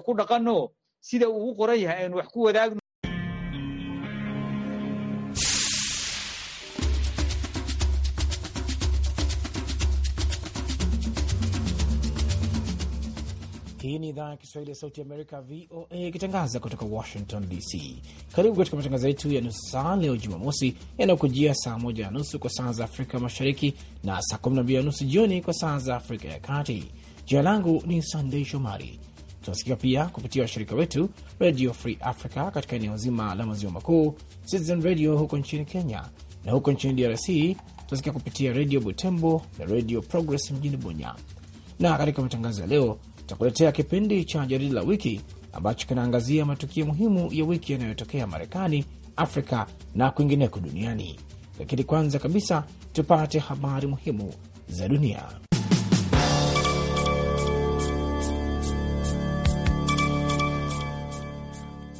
ku dhaqano sida uu qoran yahay aynu wax ku wadaagno. Hii ni idhaa ya Kiswahili ya Sauti Amerika, VOA, ikitangaza kutoka Washington DC. Karibu katika matangazo yetu ya nusu saa leo Jumamosi, yanayokujia saa moja na nusu kwa saa za Afrika Mashariki na saa kumi na mbili na nusu jioni kwa saa za Afrika ya Kati. Jina langu ni Sandei Shomari Tunasikika pia kupitia washirika wetu Radio Free Africa katika eneo zima la maziwa makuu, Citizen Radio huko nchini Kenya, na huko nchini DRC tunasikia kupitia Radio Butembo na Radio Progress mjini Bunya. Na katika matangazo ya leo tutakuletea kipindi cha jarida la wiki ambacho kinaangazia matukio muhimu ya wiki yanayotokea Marekani, Afrika na kwingineko duniani. Lakini kwanza kabisa tupate habari muhimu za dunia.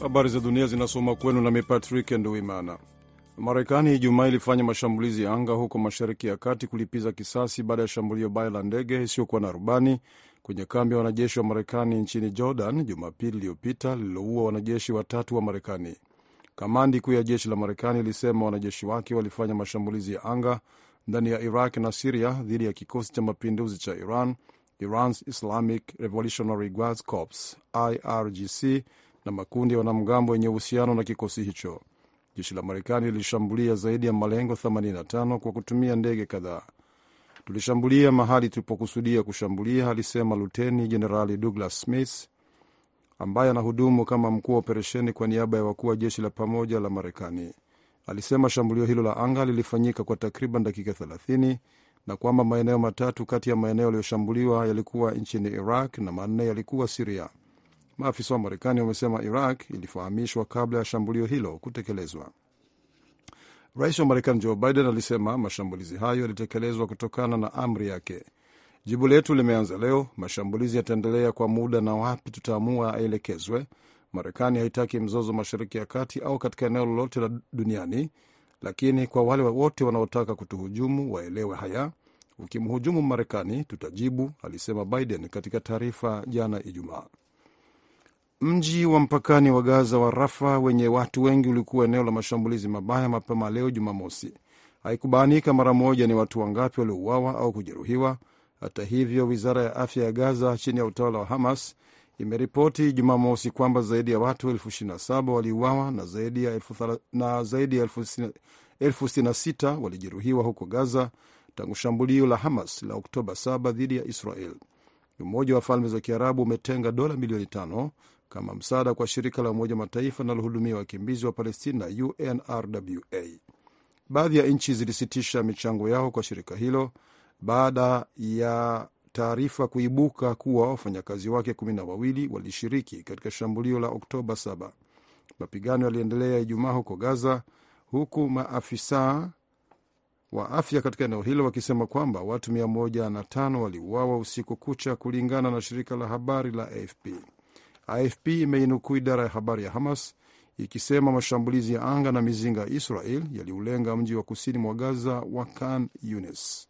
Habari za dunia zinasoma kwenu nami Patrick Nduimana. Marekani Ijumaa ilifanya mashambulizi ya anga huko Mashariki ya Kati kulipiza kisasi baada ya shambulio baya la ndege isiyokuwa na rubani kwenye kambi ya wanajeshi wa Marekani nchini Jordan Jumapili iliyopita lililoua wanajeshi watatu wa Marekani. Kamandi kuu ya jeshi la Marekani ilisema wanajeshi wake walifanya mashambulizi ya anga ndani ya Iraq na Siria dhidi ya kikosi cha mapinduzi cha Iran, Iran's Islamic Revolutionary Guards Corps, IRGC na makundi ya wanamgambo yenye uhusiano na kikosi hicho. Jeshi la Marekani lilishambulia zaidi ya malengo 85 kwa kutumia ndege kadhaa. Tulishambulia mahali tulipokusudia kushambulia, alisema Luteni Jenerali Douglas Smith ambaye anahudumu kama mkuu wa operesheni kwa niaba ya wakuu wa jeshi la pamoja la Marekani. Alisema shambulio hilo la anga lilifanyika kwa takriban dakika 30 na kwamba maeneo matatu kati ya maeneo yaliyoshambuliwa yalikuwa nchini Iraq na manne yalikuwa Siria. Maafisa wa Marekani wamesema Iraq ilifahamishwa kabla ya shambulio hilo kutekelezwa. Rais wa Marekani Joe Biden alisema mashambulizi hayo yalitekelezwa kutokana na amri yake. Jibu letu limeanza leo, mashambulizi yataendelea kwa muda na wapi tutaamua aelekezwe. Marekani haitaki mzozo Mashariki ya Kati au katika eneo lolote la duniani, lakini kwa wale wote wanaotaka kutuhujumu waelewe haya. Ukimhujumu Marekani tutajibu, alisema Biden katika taarifa jana Ijumaa. Mji wa mpakani wa Gaza wa Rafa wenye watu wengi ulikuwa eneo la mashambulizi mabaya mapema leo Jumamosi. Haikubainika mara moja ni watu wangapi waliouawa au kujeruhiwa. Hata hivyo, wizara ya afya ya Gaza chini ya utawala wa Hamas imeripoti Jumamosi kwamba zaidi ya watu elfu na waliuawa na zaidi ya elfu walijeruhiwa huko Gaza tangu shambulio la Hamas la Oktoba 7 dhidi ya Israel. Umoja wa Falme za Kiarabu umetenga dola milioni tano kama msaada kwa shirika la Umoja Mataifa linalohudumia wakimbizi wa Palestina, UNRWA. Baadhi ya nchi zilisitisha michango yao kwa shirika hilo baada ya taarifa kuibuka kuwa wafanyakazi wake kumi na wawili walishiriki katika shambulio la Oktoba 7. Mapigano yaliendelea Ijumaa huko Gaza, huku maafisa wa afya katika eneo hilo wakisema kwamba watu 105 waliuawa usiku kucha, kulingana na shirika la habari la AFP. AFP imeinukuu idara ya habari ya Hamas ikisema mashambulizi ya anga na mizinga ya Israel yaliulenga mji wa kusini mwa Gaza wa Khan Yunis.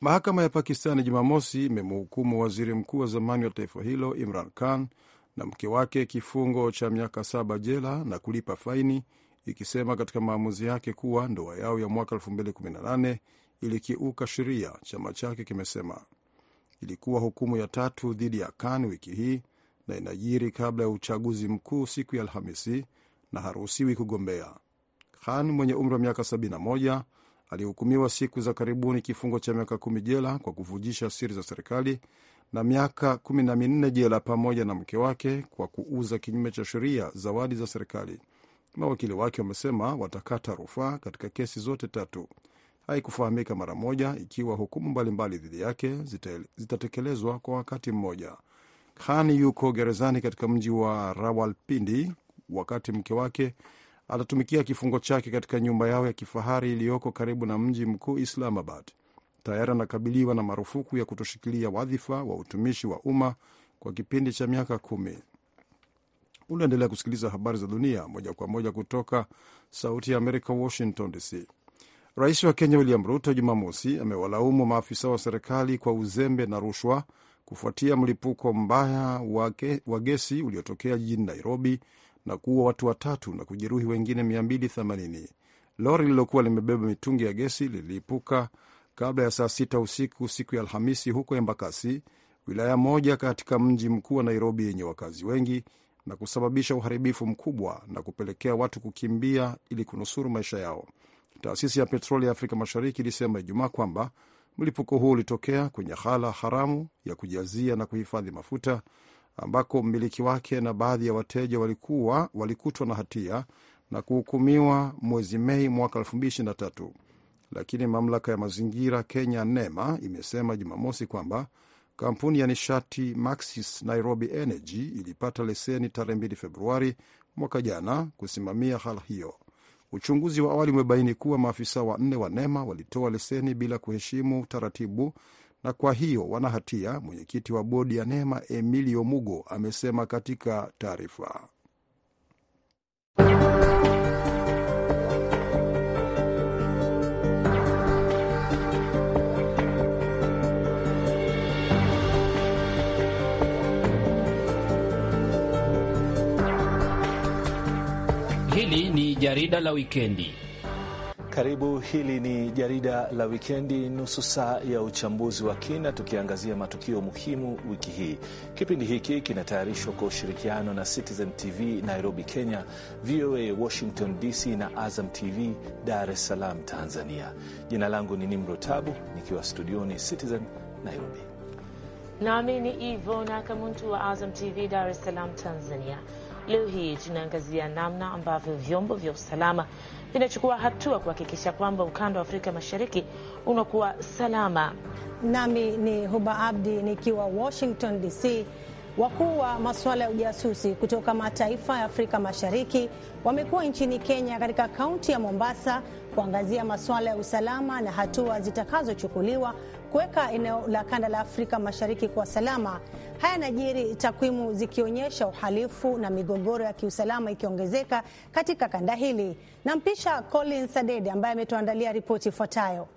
Mahakama ya Pakistani Jumamosi imemhukumu waziri mkuu wa zamani wa taifa hilo Imran Khan na mke wake kifungo cha miaka saba jela na kulipa faini, ikisema katika maamuzi yake kuwa ndoa yao ya mwaka 2018 ilikiuka sheria, chama chake kimesema ilikuwa hukumu ya tatu dhidi ya Khan wiki hii na inajiri kabla ya uchaguzi mkuu siku ya Alhamisi na haruhusiwi kugombea. Khan mwenye umri wa miaka 71 alihukumiwa siku za karibuni kifungo cha miaka kumi jela kwa kuvujisha siri za serikali na miaka kumi na minne jela pamoja na mke wake kwa kuuza kinyume cha sheria zawadi za serikali. Mawakili wake wamesema watakata rufaa katika kesi zote tatu haikufahamika mara moja ikiwa hukumu mbalimbali dhidi yake zitatekelezwa kwa wakati mmoja. Khan yuko gerezani katika mji wa Rawalpindi wakati mke wake atatumikia kifungo chake katika nyumba yao ya kifahari iliyoko karibu na mji mkuu Islamabad. Tayari anakabiliwa na marufuku ya kutoshikilia wadhifa wa utumishi wa umma kwa kipindi cha miaka kumi. Unaendelea kusikiliza habari za dunia moja kwa moja kutoka Sauti ya Amerika, Washington DC. Rais wa Kenya William Ruto Jumamosi amewalaumu maafisa wa serikali kwa uzembe na rushwa kufuatia mlipuko mbaya wa gesi uliotokea jijini Nairobi na kuua watu watatu na kujeruhi wengine 280. Lori lililokuwa limebeba mitungi ya gesi lilipuka kabla ya saa sita usiku siku ya Alhamisi huko Embakasi, wilaya moja katika mji mkuu wa Nairobi yenye wakazi wengi, na kusababisha uharibifu mkubwa na kupelekea watu kukimbia ili kunusuru maisha yao. Taasisi ya petroli ya Afrika Mashariki ilisema Ijumaa kwamba mlipuko huo ulitokea kwenye ghala haramu ya kujazia na kuhifadhi mafuta ambako mmiliki wake na baadhi ya wateja walikuwa walikutwa na hatia na kuhukumiwa mwezi Mei mwaka tatu, lakini mamlaka ya mazingira Kenya NEMA imesema Jumamosi kwamba kampuni ya nishati Maxis Nairobi Energy ilipata leseni tarehe 2 Februari mwaka jana kusimamia hala hiyo. Uchunguzi wa awali umebaini kuwa maafisa wanne wa NEMA walitoa leseni bila kuheshimu taratibu na kwa hiyo wana hatia, mwenyekiti wa bodi ya NEMA Emilio Mugo amesema katika taarifa. jarida la wikendi. Karibu, hili ni jarida la wikendi, nusu saa ya uchambuzi wa kina, tukiangazia matukio muhimu wiki hii. Kipindi hiki kinatayarishwa kwa ushirikiano na Citizen TV Nairobi, Kenya, VOA Washington DC na Azam TV Dar es Salaam, Tanzania. Jina langu ni Nimro Tabu, nikiwa studioni Citizen Nairobi. Nami ni Ivona Kamuntu wa Azam TV Dar es Salaam, Tanzania. Leo hii tunaangazia namna ambavyo vyombo vya usalama vinachukua hatua kuhakikisha kwamba ukanda wa Afrika Mashariki unakuwa salama. Nami ni Huba Abdi nikiwa Washington DC. Wakuu wa masuala ya ujasusi kutoka mataifa ya Afrika Mashariki wamekuwa nchini Kenya katika kaunti ya Mombasa kuangazia masuala ya usalama na hatua zitakazochukuliwa kuweka eneo la kanda la Afrika Mashariki kwa salama. Haya najiri takwimu zikionyesha uhalifu na migogoro ya kiusalama ikiongezeka katika kanda hili. Nampisha Colin Sadede ambaye ametuandalia ripoti ifuatayo.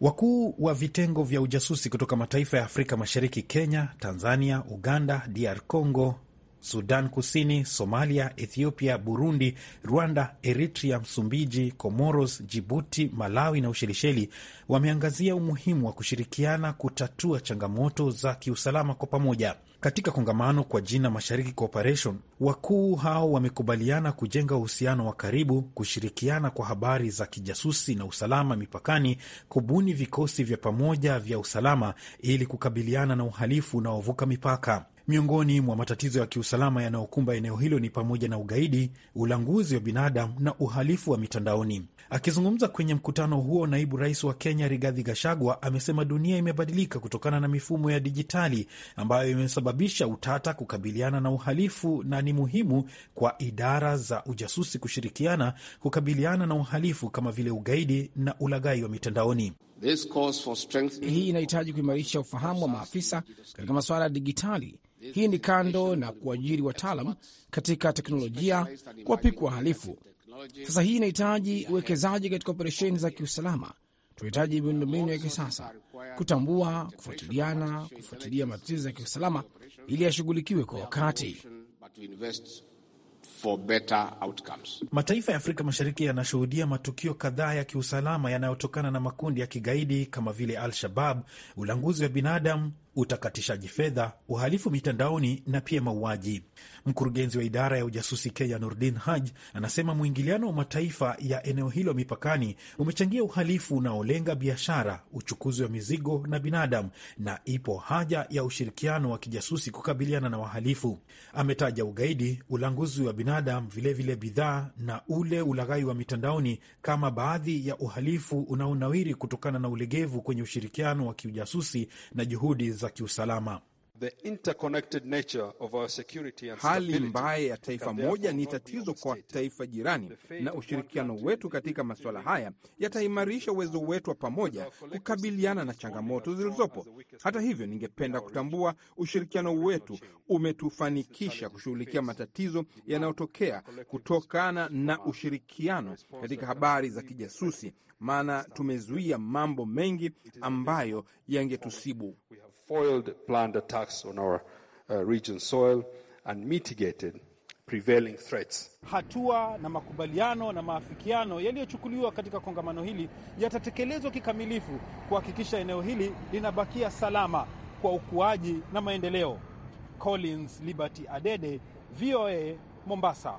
Wakuu wa vitengo vya ujasusi kutoka mataifa ya Afrika Mashariki, Kenya, Tanzania, Uganda, DR Congo, Sudan Kusini, Somalia, Ethiopia, Burundi, Rwanda, Eritrea, Msumbiji, Comoros, Jibuti, Malawi na Ushelisheli wameangazia umuhimu wa kushirikiana kutatua changamoto za kiusalama kwa pamoja. Katika kongamano kwa jina Mashariki Cooperation, wakuu hao wamekubaliana kujenga uhusiano wa karibu, kushirikiana kwa habari za kijasusi na usalama mipakani, kubuni vikosi vya pamoja vya usalama ili kukabiliana na uhalifu unaovuka mipaka. Miongoni mwa matatizo ya kiusalama yanayokumba eneo hilo ni pamoja na ugaidi, ulanguzi wa binadamu na uhalifu wa mitandaoni. Akizungumza kwenye mkutano huo, naibu rais wa Kenya Rigathi Gachagua amesema dunia imebadilika kutokana na mifumo ya dijitali ambayo imesababisha utata kukabiliana na uhalifu na ni muhimu kwa idara za ujasusi kushirikiana kukabiliana na uhalifu kama vile ugaidi na ulaghai wa mitandaoni. Hii inahitaji kuimarisha ufahamu wa maafisa katika masuala ya dijitali hii ni kando na kuajiri wataalam katika teknolojia kuwapikwa wahalifu. Sasa hii inahitaji uwekezaji katika operesheni za kiusalama. Tunahitaji miundombinu ya kisasa, kutambua, kufuatiliana, kufuatilia matatizo ya kiusalama ili yashughulikiwe kwa wakati for better outcomes. Mataifa ya Afrika Mashariki yanashuhudia matukio kadhaa ya kiusalama yanayotokana na makundi ya kigaidi kama vile Al-Shabab, ulanguzi wa binadamu, utakatishaji fedha, uhalifu mitandaoni na pia mauaji. Mkurugenzi wa idara ya ujasusi Kenya, Nordin Haj, anasema mwingiliano wa mataifa ya eneo hilo mipakani umechangia uhalifu unaolenga biashara, uchukuzi wa mizigo na binadamu, na ipo haja ya ushirikiano wa kijasusi kukabiliana na wahalifu. Ametaja ugaidi, ulanguzi wa binadamu, vilevile bidhaa na ule ulaghai wa mitandaoni kama baadhi ya uhalifu unaonawiri kutokana na ulegevu kwenye ushirikiano wa kiujasusi na juhudi za kiusalama. Hali mbaya ya taifa moja ni tatizo kwa taifa jirani, na ushirikiano wetu katika masuala haya yataimarisha uwezo wetu wa pamoja kukabiliana na changamoto zilizopo. Hata hivyo, ningependa kutambua ushirikiano wetu umetufanikisha kushughulikia matatizo yanayotokea kutokana na ushirikiano katika habari za kijasusi, maana tumezuia mambo mengi ambayo yangetusibu foiled planned attacks on our uh, region soil and mitigated prevailing threats. Hatua na makubaliano na maafikiano yaliyochukuliwa katika kongamano hili yatatekelezwa kikamilifu kuhakikisha eneo hili linabakia salama kwa ukuaji na maendeleo. Collins Liberty Adede, VOA, Mombasa.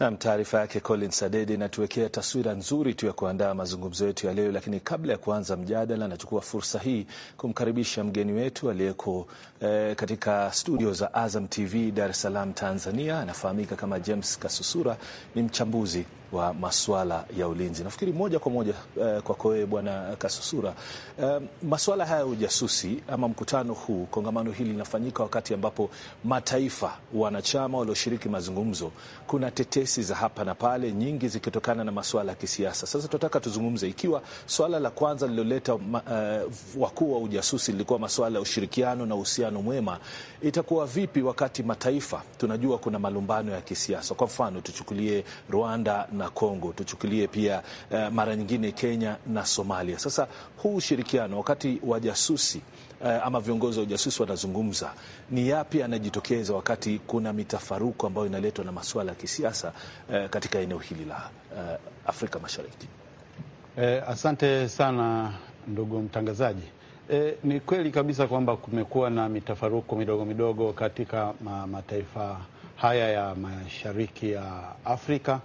Nam, taarifa yake colin sadedi inatuwekea taswira nzuri tu ya kuandaa mazungumzo yetu ya leo, lakini kabla ya kuanza mjadala, nachukua fursa hii kumkaribisha mgeni wetu aliyeko eh, katika studio za Azam TV Dar es Salaam, Tanzania. Anafahamika kama James Kasusura, ni mchambuzi wa masuala ya ulinzi. Nafikiri moja kwa moja eh, kwako wewe Bwana Kasusura, eh, masuala haya ya ujasusi ama mkutano huu, kongamano hili linafanyika wakati ambapo mataifa wanachama walioshiriki mazungumzo, kuna tetesi za hapa na pale, nyingi zikitokana na masuala ya kisiasa. Sasa tunataka tuzungumze, ikiwa swala la kwanza lililoleta eh, wakuu wa ujasusi lilikuwa masuala ya ushirikiano na uhusiano mwema, itakuwa vipi wakati mataifa tunajua kuna malumbano ya kisiasa? Kwa mfano tuchukulie Rwanda na Kongo, tuchukulie pia uh, mara nyingine Kenya na Somalia. Sasa huu ushirikiano wakati wajasusi uh, eh, ama viongozi wa ujasusi wanazungumza, ni yapi anajitokeza wakati kuna mitafaruku ambayo inaletwa na masuala ya kisiasa uh, katika eneo hili la uh, Afrika Mashariki? Eh, asante sana ndugu mtangazaji. E, ni kweli kabisa kwamba kumekuwa na mitafaruku midogo midogo katika ma mataifa haya ya mashariki ya Afrika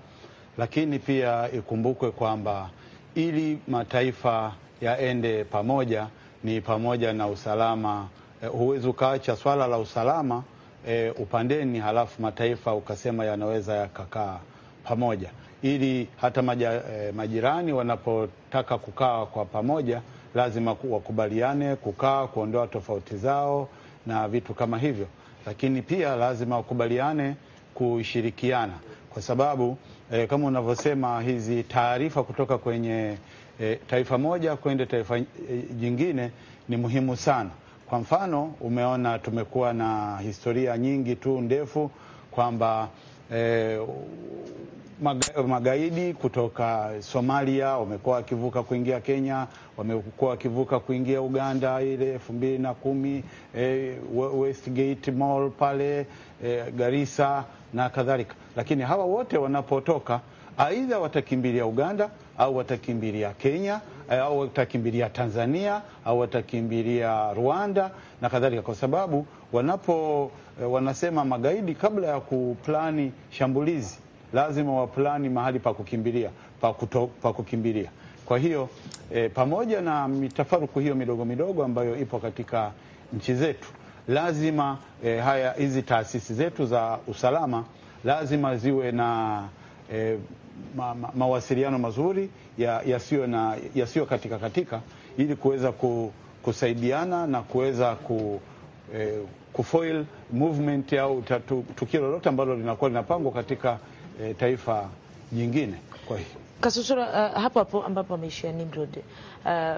lakini pia ikumbukwe kwamba ili mataifa yaende pamoja ni pamoja na usalama. Eh, huwezi ukaacha swala la usalama e, upandeni halafu mataifa ukasema yanaweza yakakaa pamoja, ili hata maja, e, majirani wanapotaka kukaa kwa pamoja lazima wakubaliane kukaa, kuondoa tofauti zao na vitu kama hivyo, lakini pia lazima wakubaliane kushirikiana kwa sababu e, kama unavyosema hizi taarifa kutoka kwenye e, taifa moja kwenda taifa e, jingine ni muhimu sana. Kwa mfano, umeona tumekuwa na historia nyingi tu ndefu kwamba e, magaidi kutoka Somalia wamekuwa wakivuka kuingia Kenya, wamekuwa wakivuka kuingia Uganda, ile elfu mbili na kumi e, Westgate Mall pale e, Garissa na kadhalika. Lakini hawa wote wanapotoka, aidha watakimbilia Uganda au watakimbilia Kenya eh, au watakimbilia Tanzania au watakimbilia Rwanda na kadhalika, kwa sababu wanapo eh, wanasema magaidi, kabla ya kuplani shambulizi lazima waplani mahali pa kukimbilia pa, kuto, pa kukimbilia. Kwa hiyo eh, pamoja na mitafaruku hiyo midogo midogo ambayo ipo katika nchi zetu lazima e, haya hizi taasisi zetu za usalama lazima ziwe na e, ma, ma, mawasiliano mazuri yasiyo ya yasiyo katika katika ili kuweza ku, kusaidiana na kuweza ku, e, kufoil movement au tukio lolote ambalo linakuwa linapangwa katika e, taifa nyingine. Kwa hiyo Kasusura, uh, hapo hapo ambapo ameishia Nimrod. Uh,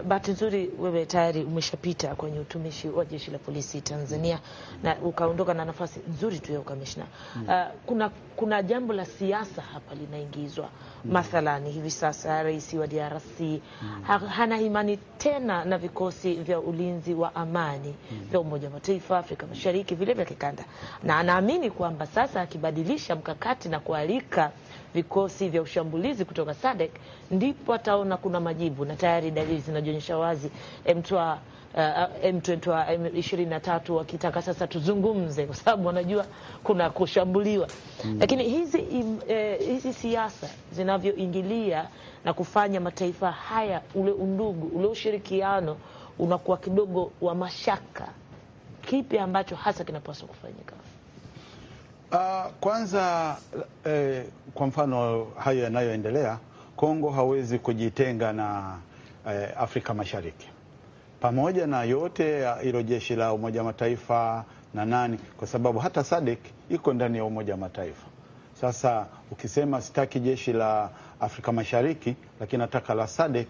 bahati nzuri wewe tayari umeshapita kwenye utumishi wa jeshi la polisi Tanzania na ukaondoka na nafasi nzuri tu ya ukamishna. Mm. Uh, kuna, kuna jambo la siasa hapa linaingizwa mm. Mathalani hivi sasa rais wa DRC mm. ha, hana imani tena na vikosi vya ulinzi wa amani mm. vya Umoja wa Mataifa, Afrika Mashariki, vile vya kikanda, na anaamini kwamba sasa akibadilisha mkakati na kualika vikosi vya ushambulizi kutoka SADC ndipo ataona kuna majibu, na tayari dalili zinajionyesha wazi. M23 uh, M23 wakitaka sasa tuzungumze, kwa sababu wanajua kuna kushambuliwa mm. Lakini hizi, eh, hizi siasa zinavyoingilia na kufanya mataifa haya, ule undugu, ule ushirikiano unakuwa kidogo wa mashaka. Kipi ambacho hasa kinapaswa kufanyika? Uh, kwanza eh, kwa mfano hayo yanayoendelea Kongo hawezi kujitenga na eh, Afrika Mashariki pamoja na yote ilo jeshi la Umoja wa Mataifa na nani, kwa sababu hata SADC iko ndani ya Umoja wa Mataifa. Sasa ukisema sitaki jeshi la Afrika Mashariki, lakini nataka la SADC,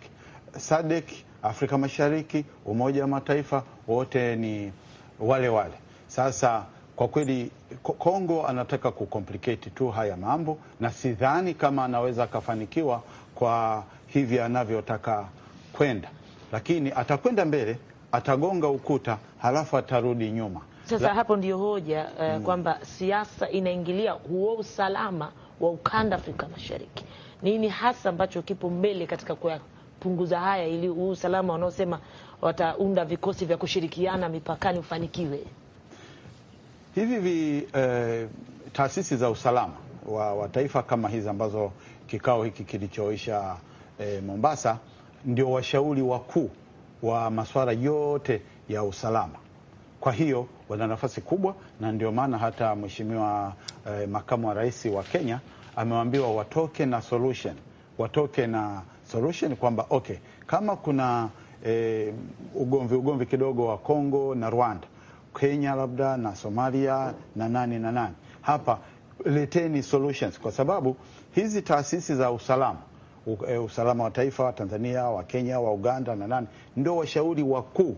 SADC, Afrika Mashariki, Umoja wa Mataifa wote ni wale wale. Sasa kwa kweli Kongo anataka kucomplicate tu haya mambo, na sidhani kama anaweza akafanikiwa kwa hivi anavyotaka kwenda, lakini atakwenda mbele, atagonga ukuta, halafu atarudi nyuma. Sasa La... hapo ndiyo hoja uh, mm. kwamba siasa inaingilia huo usalama wa ukanda Afrika Mashariki. Nini hasa ambacho kipo mbele katika kuyapunguza haya ili huu usalama wanaosema wataunda vikosi vya kushirikiana mipakani ufanikiwe? hivi vi eh, taasisi za usalama wa, wa taifa kama hizi ambazo kikao hiki kilichoisha eh, Mombasa ndio washauri wakuu wa masuala yote ya usalama. Kwa hiyo wana nafasi kubwa, na ndio maana hata mheshimiwa eh, makamu wa rais wa Kenya amewaambiwa watoke na solution, watoke na solution kwamba okay, kama kuna eh, ugomvi ugomvi kidogo wa Kongo na Rwanda Kenya labda na Somalia na nane na nani. Hapa leteni solutions, kwa sababu hizi taasisi za usalama eh, usalama wa taifa wa Tanzania, wa Kenya, wa Uganda na nani ndio washauri wakuu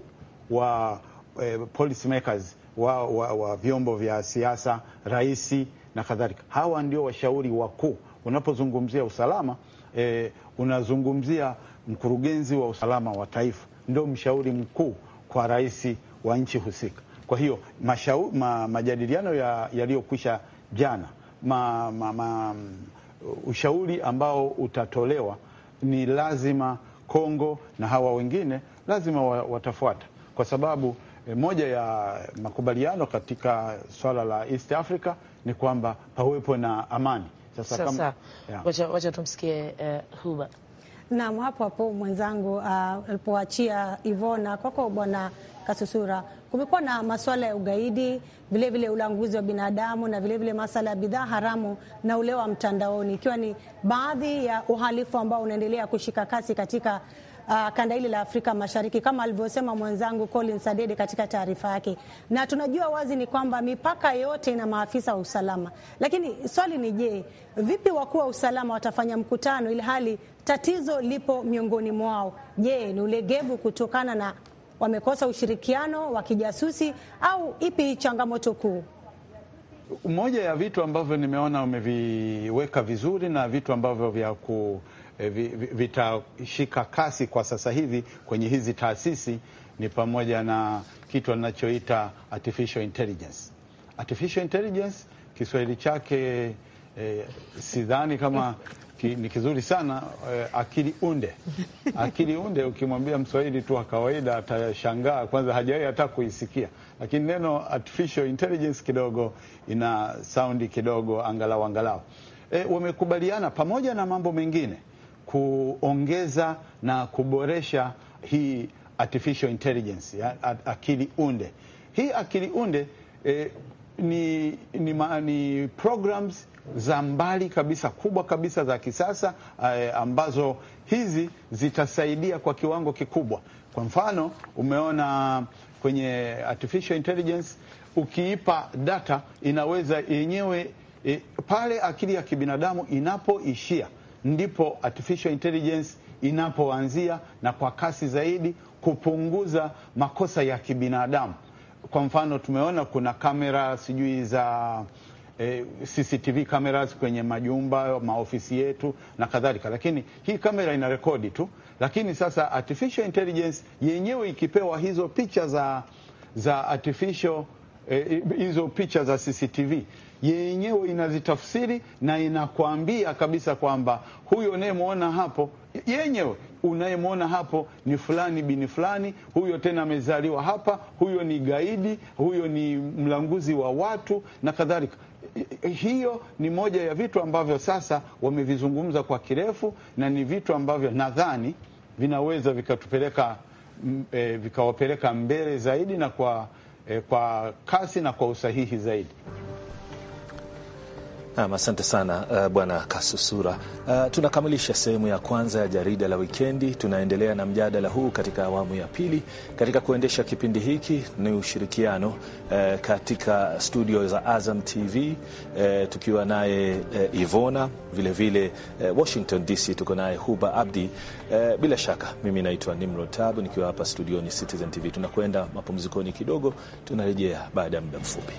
wa eh, policy makers wa, wa, wa vyombo vya siasa, raisi na kadhalika. Hawa ndio washauri wakuu. Unapozungumzia usalama eh, unazungumzia mkurugenzi wa usalama wa taifa, ndio mshauri mkuu kwa rais wa nchi husika. Kwa hiyo mashau, ma, majadiliano yaliyokwisha ya jana ma, ma, ma, ushauri ambao utatolewa ni lazima Kongo na hawa wengine lazima watafuata kwa sababu e, moja ya makubaliano katika swala la East Africa ni kwamba pawepo na amani. Sasa kama wacha, wacha tumsikie uh, Huba. Naam, hapo hapo mwenzangu ah, alipoachia uh, Ivona kwako bwana Kasusura. Kumekuwa na masuala ya ugaidi, vilevile ulanguzi wa binadamu na vilevile masala ya bidhaa haramu na ule wa mtandaoni, ikiwa ni baadhi ya uhalifu ambao unaendelea kushika kasi katika Uh, kanda hili la Afrika Mashariki kama alivyosema mwenzangu Colin Sadede katika taarifa yake, na tunajua wazi ni kwamba mipaka yote ina maafisa wa usalama, lakini swali ni je, vipi wakuu wa usalama watafanya mkutano ili hali tatizo lipo miongoni mwao? Je, ni ulegevu kutokana na wamekosa ushirikiano wa kijasusi au ipi changamoto kuu? Moja ya vitu ambavyo nimeona umeviweka vizuri na vitu ambavyo vya ku eh, vitashika kasi kwa sasa hivi kwenye hizi taasisi ni pamoja na kitu anachoita artificial intelligence. Artificial intelligence Kiswahili chake eh, sidhani kama ki, ni kizuri sana eh, akili unde akili unde. Ukimwambia Mswahili tu wa kawaida atashangaa, kwanza hajawahi hata kuisikia, lakini neno artificial intelligence kidogo ina saundi kidogo, angalau angalau E, wamekubaliana pamoja na mambo mengine kuongeza na kuboresha hii artificial intelligence ya, akili unde hii akili unde eh, ni, ni, ma, ni programs za mbali kabisa kubwa kabisa za kisasa eh, ambazo hizi zitasaidia kwa kiwango kikubwa. Kwa mfano, umeona kwenye artificial intelligence ukiipa data inaweza yenyewe e, pale akili ya kibinadamu inapoishia ndipo artificial intelligence inapoanzia na kwa kasi zaidi kupunguza makosa ya kibinadamu. Kwa mfano tumeona kuna kamera sijui za eh, CCTV cameras kwenye majumba, maofisi yetu na kadhalika, lakini hii kamera ina rekodi tu. Lakini sasa artificial intelligence yenyewe ikipewa hizo picha za, za artificial eh, hizo picha za CCTV yenyewe inazitafsiri na inakwambia kabisa kwamba huyo unayemwona hapo yenyewe unayemwona hapo ni fulani bini fulani, huyo tena amezaliwa hapa, huyo ni gaidi, huyo ni mlanguzi wa watu na kadhalika. Hiyo ni moja ya vitu ambavyo sasa wamevizungumza kwa kirefu, na ni vitu ambavyo nadhani vinaweza vikatupeleka e, vikawapeleka mbele zaidi na kwa, e, kwa kasi na kwa usahihi zaidi. Nam, asante sana uh, bwana Kasusura. Uh, tunakamilisha sehemu ya kwanza ya jarida la wikendi. Tunaendelea na mjadala huu katika awamu ya pili. Katika kuendesha kipindi hiki ni ushirikiano uh, katika studio za Azam TV uh, tukiwa naye uh, Ivona vilevile vile, uh, Washington DC tuko naye Huba Abdi. Uh, bila shaka mimi naitwa Nimrod Tabu nikiwa hapa studioni Citizen TV. Tunakwenda mapumzikoni kidogo, tunarejea baada ya muda mfupi.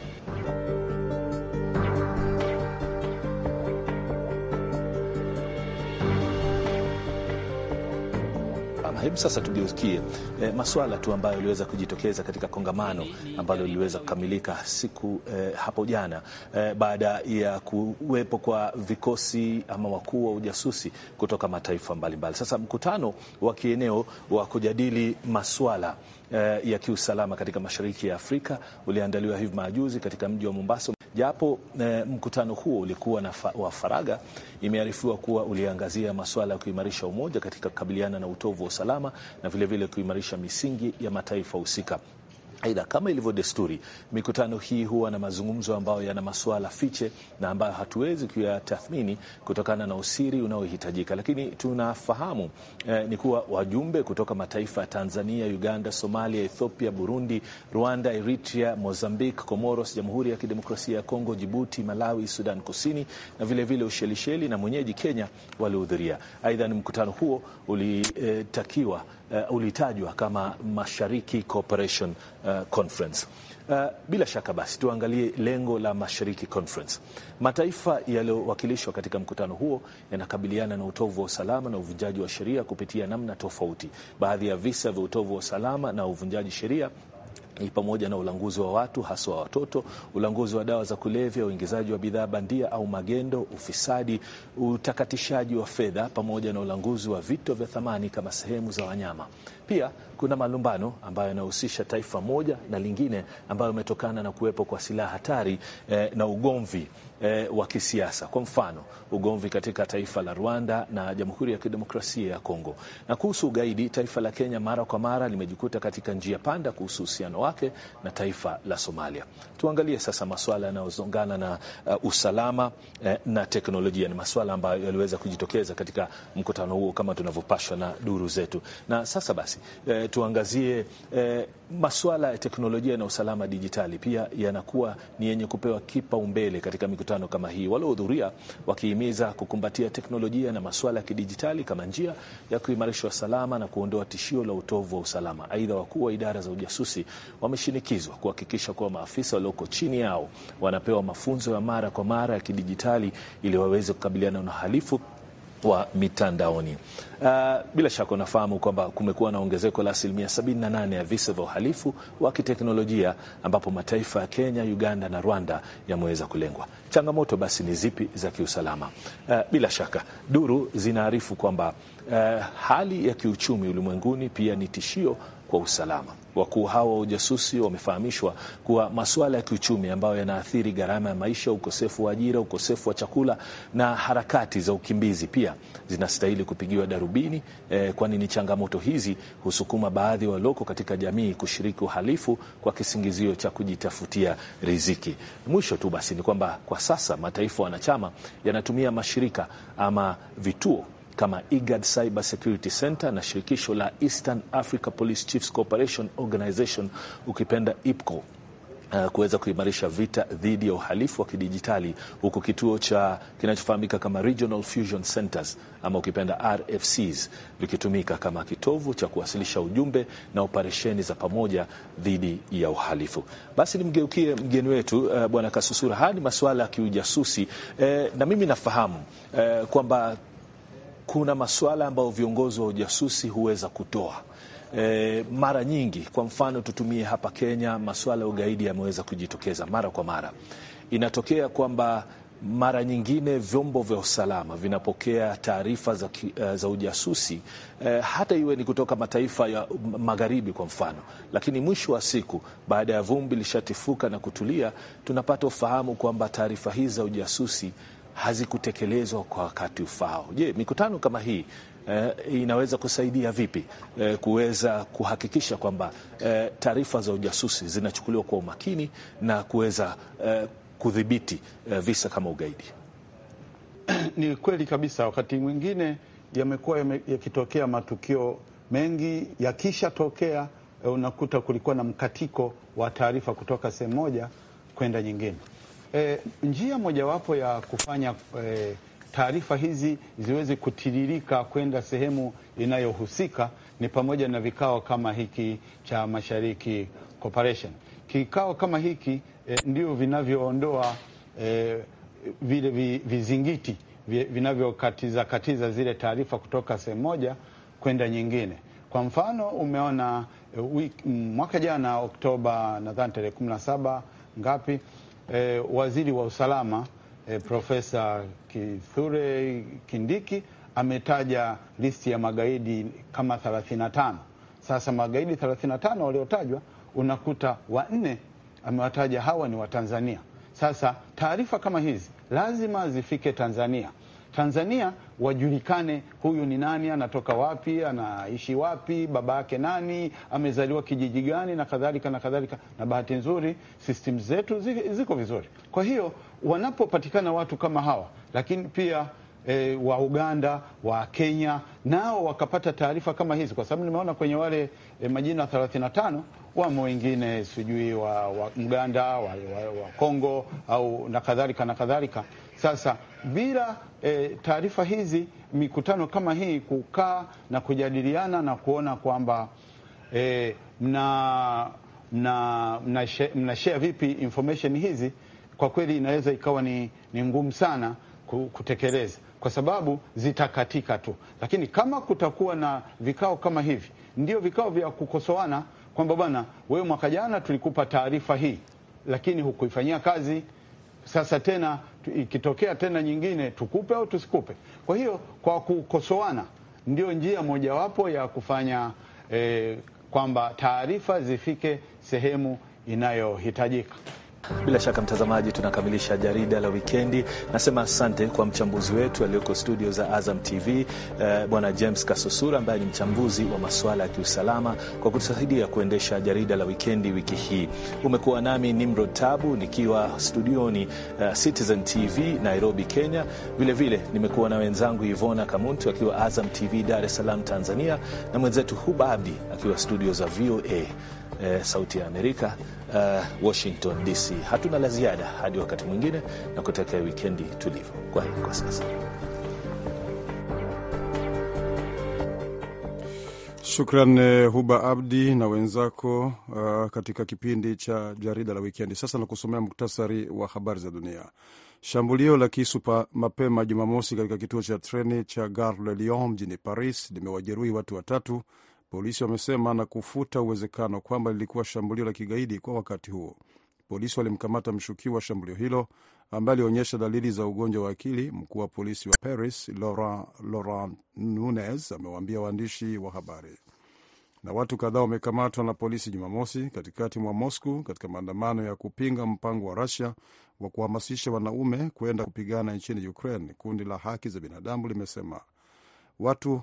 sana. Hebu sasa tugeukie e, maswala tu ambayo yaliweza kujitokeza katika kongamano ambalo liliweza kukamilika siku e, hapo jana e, baada ya kuwepo kwa vikosi ama wakuu wa ujasusi kutoka mataifa mbalimbali Sasa mkutano wa kieneo wa kujadili maswala e, ya kiusalama katika mashariki ya Afrika uliandaliwa hivi majuzi katika mji wa Mombasa. Japo e, mkutano huo ulikuwa na fa, wa faraga imearifiwa kuwa uliangazia masuala ya kuimarisha umoja katika kukabiliana na utovu wa usalama na vilevile kuimarisha misingi ya mataifa husika. Aidha, kama ilivyo desturi, mikutano hii huwa na mazungumzo ambayo yana masuala fiche na ambayo hatuwezi kuyatathmini kutokana na usiri unaohitajika, lakini tunafahamu eh, ni kuwa wajumbe kutoka mataifa ya Tanzania, Uganda, Somalia, Ethiopia, Burundi, Rwanda, Eritrea, Mozambique, Comoros, Jamhuri ya Kidemokrasia ya Kongo, Jibuti, Malawi, Sudan Kusini na vilevile Ushelisheli na mwenyeji Kenya walihudhuria. Aidha, ni mkutano huo ulitakiwa eh, uh, ulitajwa kama Mashariki Cooperation uh, Conference. Uh, bila shaka basi tuangalie lengo la Mashariki Conference. Mataifa yaliyowakilishwa katika mkutano huo yanakabiliana na utovu wa usalama na uvunjaji wa sheria kupitia namna tofauti. Baadhi ya visa vya utovu wa usalama na uvunjaji sheria ni pamoja na ulanguzi wa watu haswa watoto, ulanguzi wa dawa za kulevya, uingizaji wa bidhaa bandia au magendo, ufisadi, utakatishaji wa fedha, pamoja na ulanguzi wa vito vya thamani kama sehemu za wanyama. Pia kuna malumbano ambayo yanahusisha taifa moja na lingine ambayo umetokana na kuwepo kwa silaha hatari eh, na ugomvi e, wa kisiasa, kwa mfano ugomvi katika taifa la Rwanda na Jamhuri ya Kidemokrasia ya Kongo. Na kuhusu ugaidi, taifa la Kenya mara kwa mara limejikuta katika njia panda kuhusu uhusiano wake na taifa la Somalia. Tuangalie sasa masuala yanayozongana na uh, usalama eh, na teknolojia. Ni masuala ambayo yaliweza kujitokeza katika mkutano huo kama tunavyopashwa na duru zetu. Na sasa basi eh, tuangazie eh, masuala ya teknolojia na usalama dijitali pia yanakuwa ni yenye kupewa kipaumbele katika mikutano kama hii, waliohudhuria wakihimiza kukumbatia teknolojia na masuala ya kidijitali kama njia ya kuimarisha usalama na kuondoa tishio la utovu wa usalama. Aidha, wakuu wa idara za ujasusi wameshinikizwa kuhakikisha kuwa maafisa walioko chini yao wanapewa mafunzo ya mara kwa mara ya kidijitali ili waweze kukabiliana na uhalifu wa mitandaoni. Uh, bila shaka unafahamu kwamba kumekuwa na ongezeko la asilimia 78 ya visa vya uhalifu wa kiteknolojia ambapo mataifa ya Kenya, Uganda na Rwanda yameweza kulengwa. Changamoto basi ni zipi za kiusalama? Uh, bila shaka duru zinaarifu kwamba uh, hali ya kiuchumi ulimwenguni pia ni tishio kwa usalama. Wakuu hawa wa ujasusi wamefahamishwa kuwa masuala ya kiuchumi ambayo yanaathiri gharama ya maisha, ukosefu wa ajira, ukosefu wa chakula na harakati za ukimbizi pia zinastahili kupigiwa darubini eh, kwani ni changamoto hizi husukuma baadhi ya katika jamii kushiriki uhalifu kwa kisingizio cha kujitafutia riziki. Mwisho tu basi ni kwamba kwa sasa mataifa wanachama yanatumia mashirika ama vituo kama IGAD Cyber Security Center na shirikisho la Eastern Africa Police Chiefs Cooperation Organization ukipenda IPCO uh, kuweza kuimarisha vita dhidi ya uhalifu wa kidijitali huku kituo cha kinachofahamika kama Regional Fusion Centers ama ukipenda RFCs vikitumika kama kitovu cha kuwasilisha ujumbe na operesheni za pamoja dhidi ya uhalifu. Basi nimgeukie mgeni wetu uh, Bwana Kasusura hadi masuala ya kiujasusi eh, na mimi nafahamu eh, kwamba kuna masuala ambayo viongozi wa ujasusi huweza kutoa E, mara nyingi kwa mfano tutumie hapa Kenya, masuala ya ugaidi yameweza kujitokeza mara kwa mara. Inatokea kwamba mara nyingine vyombo vya usalama vinapokea taarifa za, e, za ujasusi e, hata iwe ni kutoka mataifa ya magharibi kwa mfano, lakini mwisho wa siku, baada ya vumbi lishatifuka na kutulia, tunapata ufahamu kwamba taarifa hizi za ujasusi hazikutekelezwa kwa wakati ufao. Je, mikutano kama hii eh, inaweza kusaidia vipi eh, kuweza kuhakikisha kwamba eh, taarifa za ujasusi zinachukuliwa kwa umakini na kuweza eh, kudhibiti eh, visa kama ugaidi? Ni kweli kabisa, wakati mwingine yamekuwa yakitokea matukio mengi, yakishatokea eh, unakuta kulikuwa na mkatiko wa taarifa kutoka sehemu moja kwenda nyingine. E, njia mojawapo ya kufanya e, taarifa hizi ziweze kutiririka kwenda sehemu inayohusika ni pamoja na vikao kama hiki cha Mashariki Corporation. Kikao kama hiki e, ndio vinavyoondoa e, vile vizingiti vinavyokatiza katiza zile taarifa kutoka sehemu moja kwenda nyingine. Kwa mfano umeona e, wiki, mwaka jana Oktoba nadhani tarehe 17 ngapi eh, waziri wa usalama eh, Profesa Kithure Kindiki ametaja listi ya magaidi kama 35. Sasa magaidi 35 waliotajwa unakuta wanne amewataja hawa ni Watanzania. Sasa taarifa kama hizi lazima zifike Tanzania. Tanzania wajulikane, huyu ni nani, anatoka wapi, anaishi wapi, baba yake nani, amezaliwa kijiji gani, na kadhalika na kadhalika. Na bahati nzuri system zetu ziko vizuri. Kwa hiyo wanapopatikana watu kama hawa, lakini pia E, wa Uganda wa Kenya nao wakapata taarifa kama hizi, kwa sababu nimeona kwenye wale e, majina 35 wamo wengine sijui wa, wa Uganda wa, wa, wa Kongo au na kadhalika na kadhalika. Sasa bila e, taarifa hizi, mikutano kama hii kukaa na kujadiliana na kuona kwamba e, mna, mna, mna, share, mna share vipi information hizi, kwa kweli inaweza ikawa ni, ni ngumu sana kutekeleza kwa sababu zitakatika tu, lakini kama kutakuwa na vikao kama hivi, ndio vikao vya kukosoana kwamba bwana, wewe mwaka jana tulikupa taarifa hii, lakini hukuifanyia kazi sasa tena ikitokea tena nyingine tukupe au tusikupe. Kwa hiyo kwa kukosoana ndio njia mojawapo ya kufanya eh, kwamba taarifa zifike sehemu inayohitajika. Bila shaka mtazamaji, tunakamilisha jarida la wikendi. Nasema asante kwa mchambuzi wetu aliyoko studio za Azam TV eh, bwana James Kasusura ambaye ni mchambuzi wa masuala ya kiusalama kwa kutusaidia kuendesha jarida la wikendi wiki hii. Umekuwa nami Nimrod Tabu nikiwa studioni eh, Citizen TV Nairobi, Kenya. Vilevile nimekuwa na wenzangu Ivona Kamuntu akiwa Azam TV Dar es Salaam, Tanzania, na mwenzetu hubabdi akiwa studio za VOA eh, Sauti ya Amerika uh, Washington DC. Hatuna la ziada hadi wakati mwingine, na kutakia wikendi tulivu. Kwa hii kwa sasa. Shukran eh, Huba Abdi na wenzako uh, katika kipindi cha jarida la wikendi. Sasa nakusomea muktasari wa habari za dunia. Shambulio la kisu mapema Jumamosi katika kituo cha treni cha Gare de Lyon mjini Paris limewajeruhi watu watatu polisi wamesema, na kufuta uwezekano kwamba lilikuwa shambulio la kigaidi kwa wakati huo. Polisi walimkamata mshukiwa wa shambulio hilo ambaye alionyesha dalili za ugonjwa wa akili. Mkuu wa polisi wa Paris Laurent, nunes amewaambia waandishi wa habari. Na watu kadhaa wamekamatwa na polisi Jumamosi katikati mwa Moscow katika maandamano ya kupinga mpango wa rasia wa kuhamasisha wanaume kwenda kupigana nchini Ukraine. Kundi la haki za binadamu limesema watu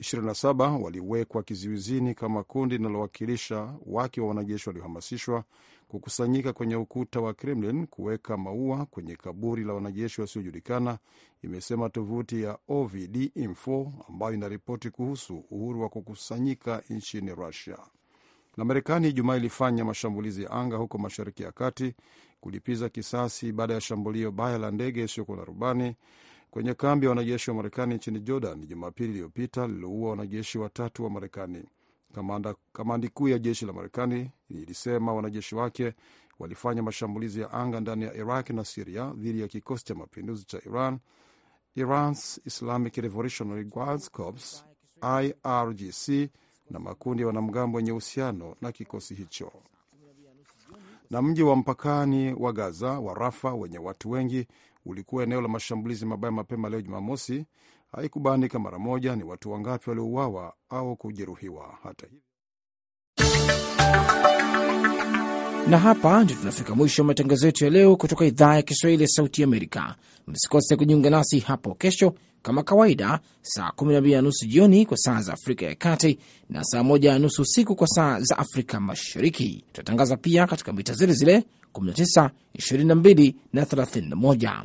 27 waliwekwa kizuizini kama kundi linalowakilisha wake wa wanajeshi waliohamasishwa kukusanyika kwenye ukuta wa Kremlin kuweka maua kwenye kaburi la wanajeshi wasiojulikana, imesema tovuti ya OVD Info ambayo inaripoti kuhusu uhuru wa kukusanyika nchini Russia. Na Marekani jumaa ilifanya mashambulizi ya anga huko Mashariki ya Kati kulipiza kisasi baada ya shambulio baya la ndege isiyokuwa na rubani kwenye kambi ya wanajeshi wa Marekani nchini Jordan Jumapili iliyopita lililoua wanajeshi watatu wa Marekani. Kamandi kuu ya jeshi la Marekani ilisema wanajeshi wake walifanya mashambulizi ya anga ndani ya Iraq na Siria dhidi ya kikosi cha mapinduzi cha Iran, Iran's Islamic Revolutionary Guards Corps, IRGC, na makundi ya wanamgambo wenye uhusiano na kikosi hicho. Na mji wa mpakani wa Gaza wa Rafa wenye watu wengi ulikuwa eneo la mashambulizi mabaya mapema leo Jumamosi. Haikubainika mara moja ni watu wangapi waliouawa au kujeruhiwa. Hata hivyo, na hapa ndio tunafika mwisho wa matangazo yetu ya leo kutoka idhaa ya Kiswahili ya Sauti Amerika. Msikose kujiunga nasi hapo kesho kama kawaida, saa 12 na nusu jioni kwa saa za Afrika ya Kati na saa 1 na nusu usiku kwa saa za Afrika Mashariki. Tutatangaza pia katika mita zile zile 19, 22 na 31.